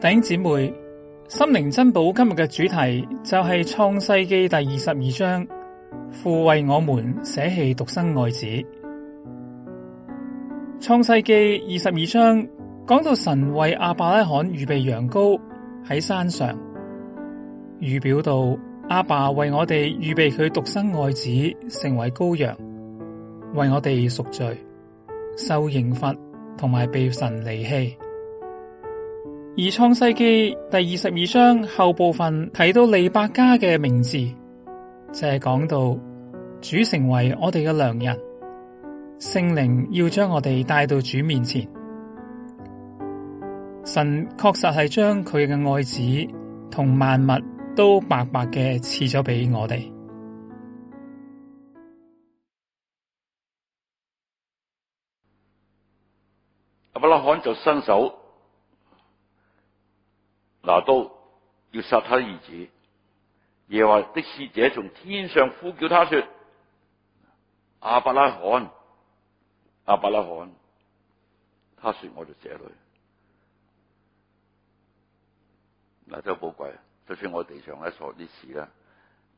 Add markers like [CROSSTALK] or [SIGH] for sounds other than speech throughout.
頂姐妹，心靈珍寶今日嘅主題就係、是《創世記》第二十二章，父為我們捨棄獨生愛子。《創世記》二十二章講到神為亞伯拉罕預備羊羔喺山上，預表到阿爸為我哋預備佢獨生愛子成為羔羊，為我哋贖罪、受刑罰同埋被神離棄。而創世記第二十二章後部分提到利百加嘅名字，就係、是、講到主成為我哋嘅良人，聖靈要將我哋帶到主面前，神確實係將佢嘅愛子同萬物都白白嘅賜咗畀我哋。亞伯拉罕就伸手。 [NOISE] 拿刀，要殺他兒子，耶和華的使者從天上呼叫他說：亞伯拉罕，亞伯拉罕，他說，我在這裡。嗱，真寶貴，就算我地上一所啲事啦，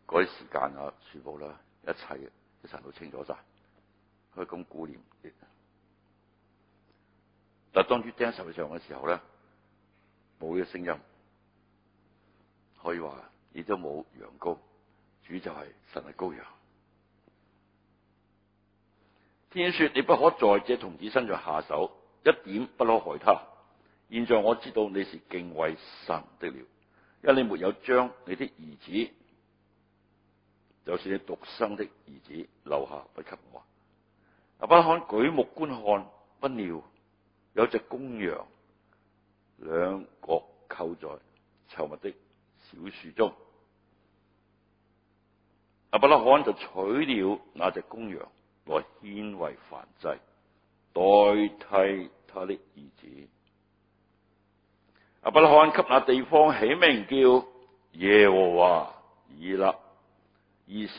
啲時間啊，全部啦，一切啲神都清楚晒，佢咁顧念你。嗱，當主釘十字架嘅時候咧，冇嘅聲音。可以話，亦都冇羊羔，主就係神嘅羔羊。天使說，你不可在這童子身上下手，一點不可害他。現在我知道你是敬畏神的了，因為你沒有將你的兒子，就算你獨生的兒子留下不給我。亞伯拉罕舉目觀看不，不料有隻公羊，兩角扣在稠密的。小樹中，亞伯拉罕就取了那隻公羊來獻為燔祭，代替他的兒子。亞伯拉罕給那地方起名叫耶和華以勒，意思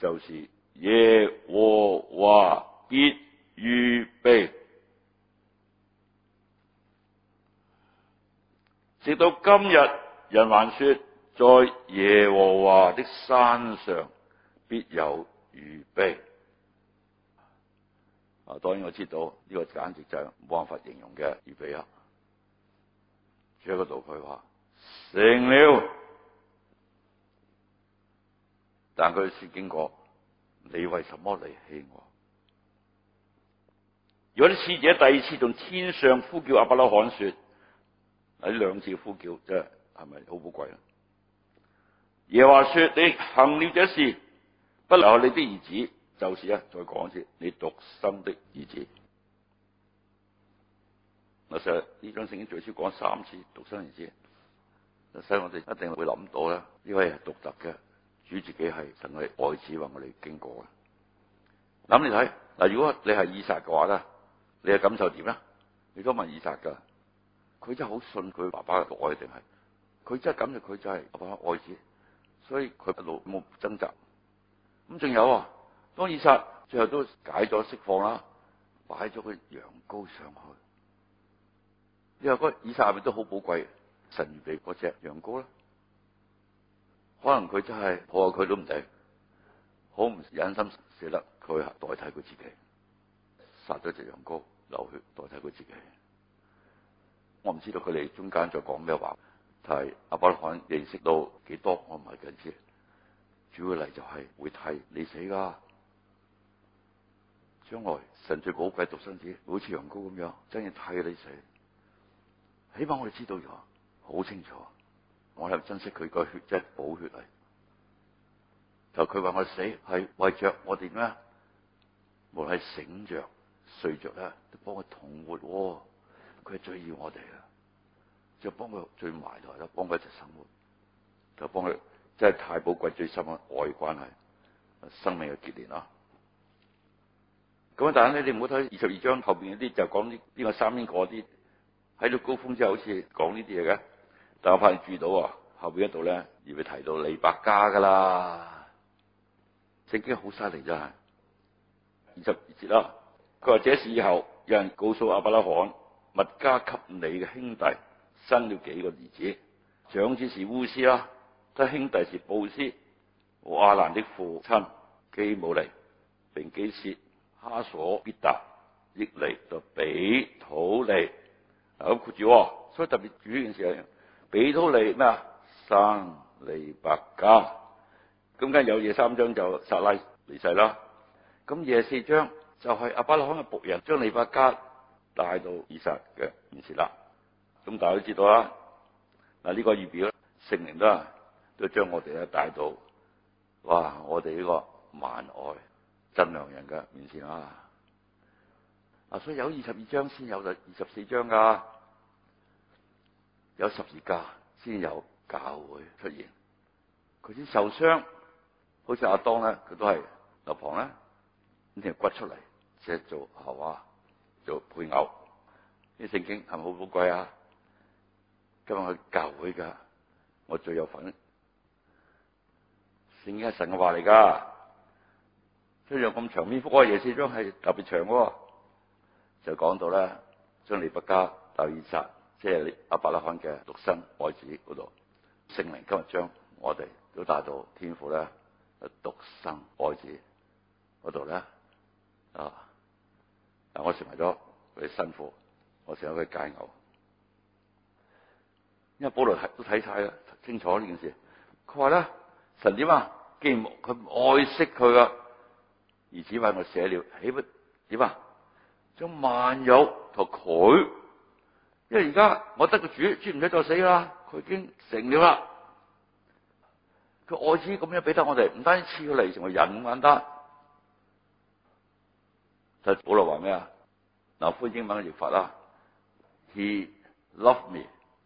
就是耶和華必預備。直到今日。人還說，在耶和華的山上必有預備。啊，當然我知道呢個簡直就係冇辦法形容嘅預備啊！住喺度佢話，成了。但佢先經過，你為什麼離棄我？如果啲使者第二次從天上呼叫亞伯拉罕說，喺兩次呼叫即係咪好寶貴啊？耶和華說：你行了這事，不留下你的兒子，就是啊。再講一次：你獨生的兒子。我成日呢章聖經最少講三次獨生兒子，所以我哋一定會諗到啦。呢位係獨特嘅主自己係等我哋愛子，話我哋經過嘅。諗你睇嗱，如果你係以撒嘅話咧，你嘅感受點咧？你都問以撒噶，佢真係好信佢爸爸嘅愛定係？佢真係咁，就佢就係外子，所以佢一路冇掙扎。咁仲有啊？當以撒最後都解咗釋放啦，擺咗個羊羔上去。因為嗰，以撒入面都好寶貴，神預備嗰隻羊羔啦。可能佢真係破壞佢都唔定，好唔忍心捨得佢代替佢自己殺咗隻羊羔流血，代替佢自己。我唔知道佢哋中間在講咩話。亞伯拉罕認識到幾多，我唔係咁知。主要嚟就係會替你死噶，將來神最寶貴獨生子，好似羊羔咁樣，真係替你死。起碼我哋知道咗，好清楚。我係珍惜佢個血，即係寶血嚟。就佢話我死係為着我哋咩？無論醒着睡着咧，都幫佢同活。佢係最要我哋嘅。就幫佢最埋落就幫佢一齊生活，就幫佢真係太寶貴、最深嘅愛關係、生命嘅結連啦。咁但係咧，你唔好睇二十二章後邊嗰啲，就講呢邊個三邊嗰啲喺到高峰之後，好似講呢啲嘢嘅。但我發現注意到後邊一度咧，而係提到利百加噶啦，正經好犀利真係。二十二節啦，佢話：這事以後有人告訴亞伯拉罕，密迦給你嘅兄弟。生咗幾個兒子，長子是烏斯啦，得兄弟是布斯和亞蘭的父親基母利，並基薛、哈瑣必達、益拉、就彼土利。咁括住，所以特別注意件事：彼土利咩啊？生利百加。咁間有嘢三章就撒拉離世啦。咁嘢四章就係亞伯拉罕嘅僕人將利百加帶到以撒嘅面前啦。嗯咁大家都知道啦，嗱、這、呢個預表聖靈都係都將我哋咧帶到，哇！我哋呢個萬愛真良人嘅面前啊，啊！所以有二十二章先有就二十四章噶，有十字架先有教會出現。佢先受傷，好似阿當咧，佢都係肋旁咧，呢條骨出嚟，即係做係嘛、啊，做配偶。啲、這、聖、個、經係咪好寶貴啊？今日去教會噶，我最有份。聖經係神嘅話嚟噶，雖然有咁長篇幅，但係耶穌基督係特別長嘅。就講到咧，將利百加拉以撒，即係阿伯拉罕嘅獨生愛子嗰度，聖靈今日將我哋都帶到天父咧嘅獨生愛子嗰度咧。啊，嗱，我成埋咗，你辛苦，我成咗佢芥牛。因為保羅睇都睇晒啦，清楚呢件事。佢話咧，神點啊？既然佢愛惜佢個兒子，為我捨了，豈不點啊？將萬有同佢，因為而家我得個主，主唔使再死啦。佢已經成了啦。佢愛子咁樣俾得我哋，唔單止賜佢嚟，仲為人咁簡單。就保羅話咩啊？嗱，翻英文譯法啦，He loved me。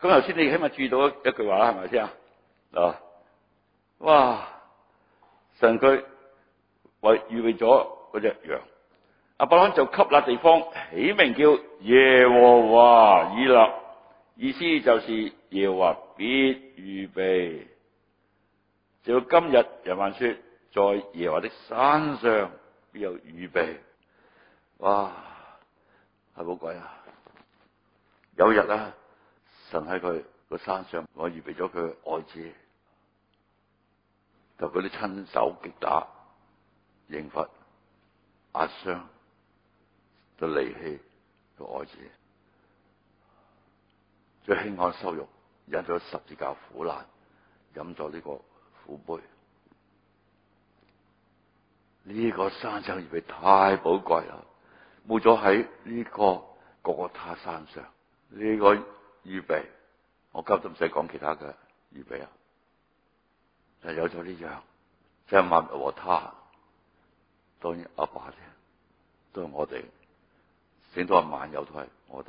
咁頭先你起碼注意到一,一句話啦，係咪先啊？嗱，哇！神佢為預備咗嗰隻羊，亞伯拉罕就給那地方起名叫耶和華以勒，意思就是耶和華必預備。直到今日人還，人話說在耶和華的山上必有預備。哇！係冇鬼啊！有日啊！神喺佢個山上，我預備咗佢愛子，就嗰啲親手擊打、刑罰、壓傷，都離棄佢愛子，最輕安羞辱，引咗十字架苦難，飲咗呢個苦杯。呢、這個山上預備太寶貴啦，冇咗喺呢個各各他山上呢、這個。預備，我今日都唔使講其他嘅預備啊！係有咗呢樣，即係萬和他，當然阿爸咧，都係我哋，整到阿萬有都係我哋。